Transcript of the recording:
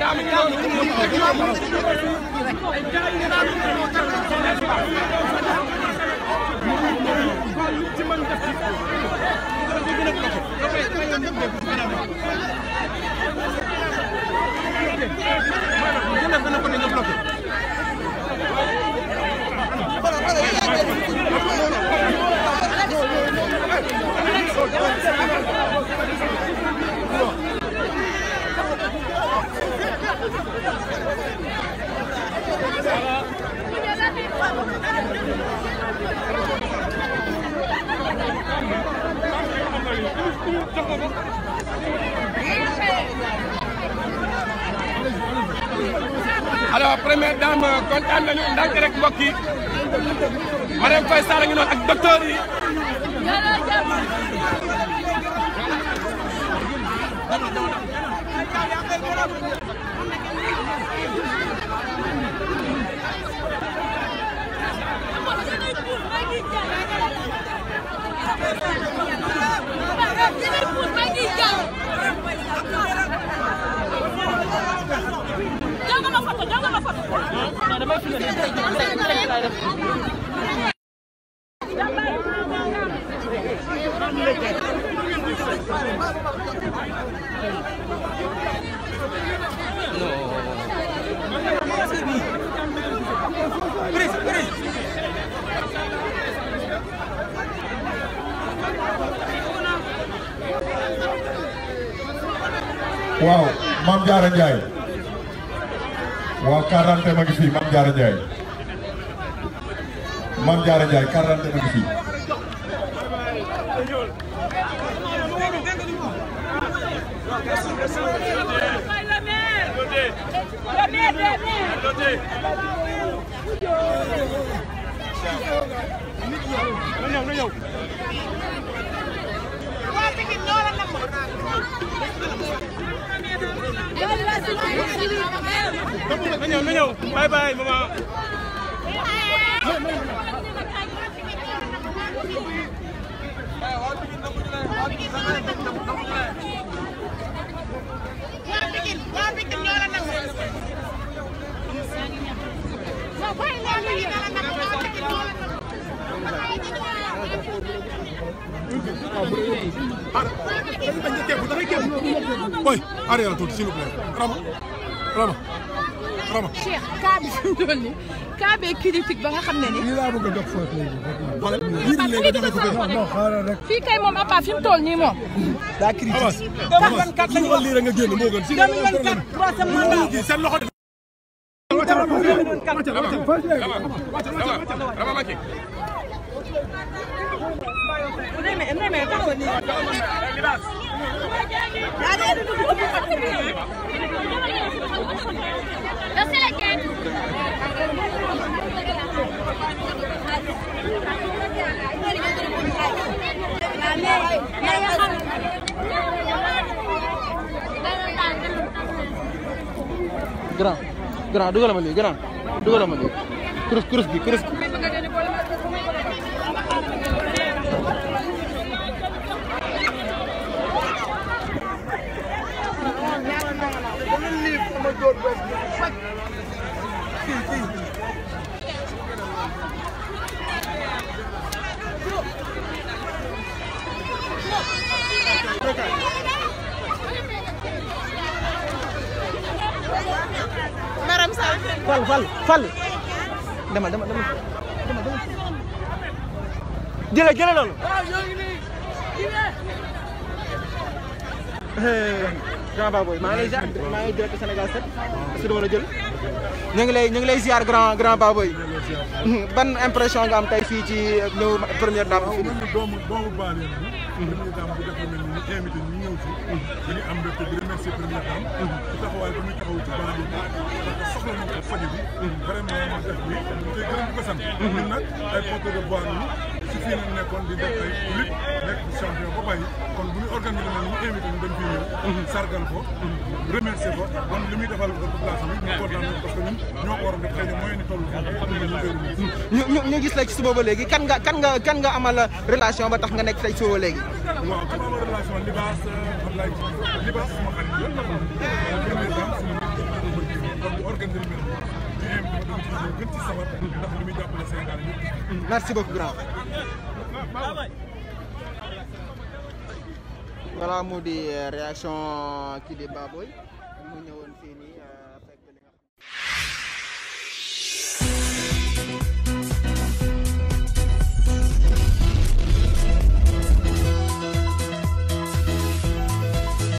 daa première dame kontaan nañu ndànk rek mbokk yi Marème Faye Sall ngi noonu ak docteur yi. waaw Mame Diarra Ndiaye waa quarante ma ngi fii Mame Diarra Ndiaye Mame Diarra Ndiaye quarante ma ngi fii na ñëw na ñëw bye bye maman. Thank you. boy arrière tuuti s'il vous plaît Rama Rama Rama. Cheikh kaa bi fi mu toll nii kaa bee critique ba nga xam ne nii. lii laa bëgg a jox foofu léegi. wala lii nii léegi dafa ko bon xaaral rek. fii kay moom Apa fi mu toll nii moom. daa critique. avance avance lii rek nga génn moo gën. 2024 troisième mandat seen loxo. grand grand dugal ma lii grand dugalal ma nii kurus kurus gi kurus gi fal fal fal demal demal demal demal jële jële loolu grand Baboy maa ngi lay maa ngi direct Sénégal 7 parce que dama jël ñu ngi lay ñu ngi lay ziar grand grand ban impression nga am tey fii ci ñëw première dame fii nii. doomu doomu baal yi mhm. première dame bu def mel ci dañuy am mbégte di mhm. ci taxawaay bu muy taxaw ci baal ma mhm. def fii lañ nekkoon di def ay lutte nekk champion ba bàyyi kon bu ñu organisé leen ñu invité ñu dem fii ñëw sargal ko remercier ko kon li muy defal ko population bi ñu kontaan parce que ñun ñoo ko war a def xëy na mooy ni tollu ñu ñu gis la ci suba ba léegi kan nga kan nga kan nga amal relation ba tax nga nekk tey suba ba léegi waaw kan amal relation libaas xam lay libaas sama xarit la organisé leen ñu invité ñu gën ci sawar ndax li muy jàppale Sénégal yëpp merci beaucoup grand voilà mu di eh, réaction kii di Baboy mu ñëwoon fii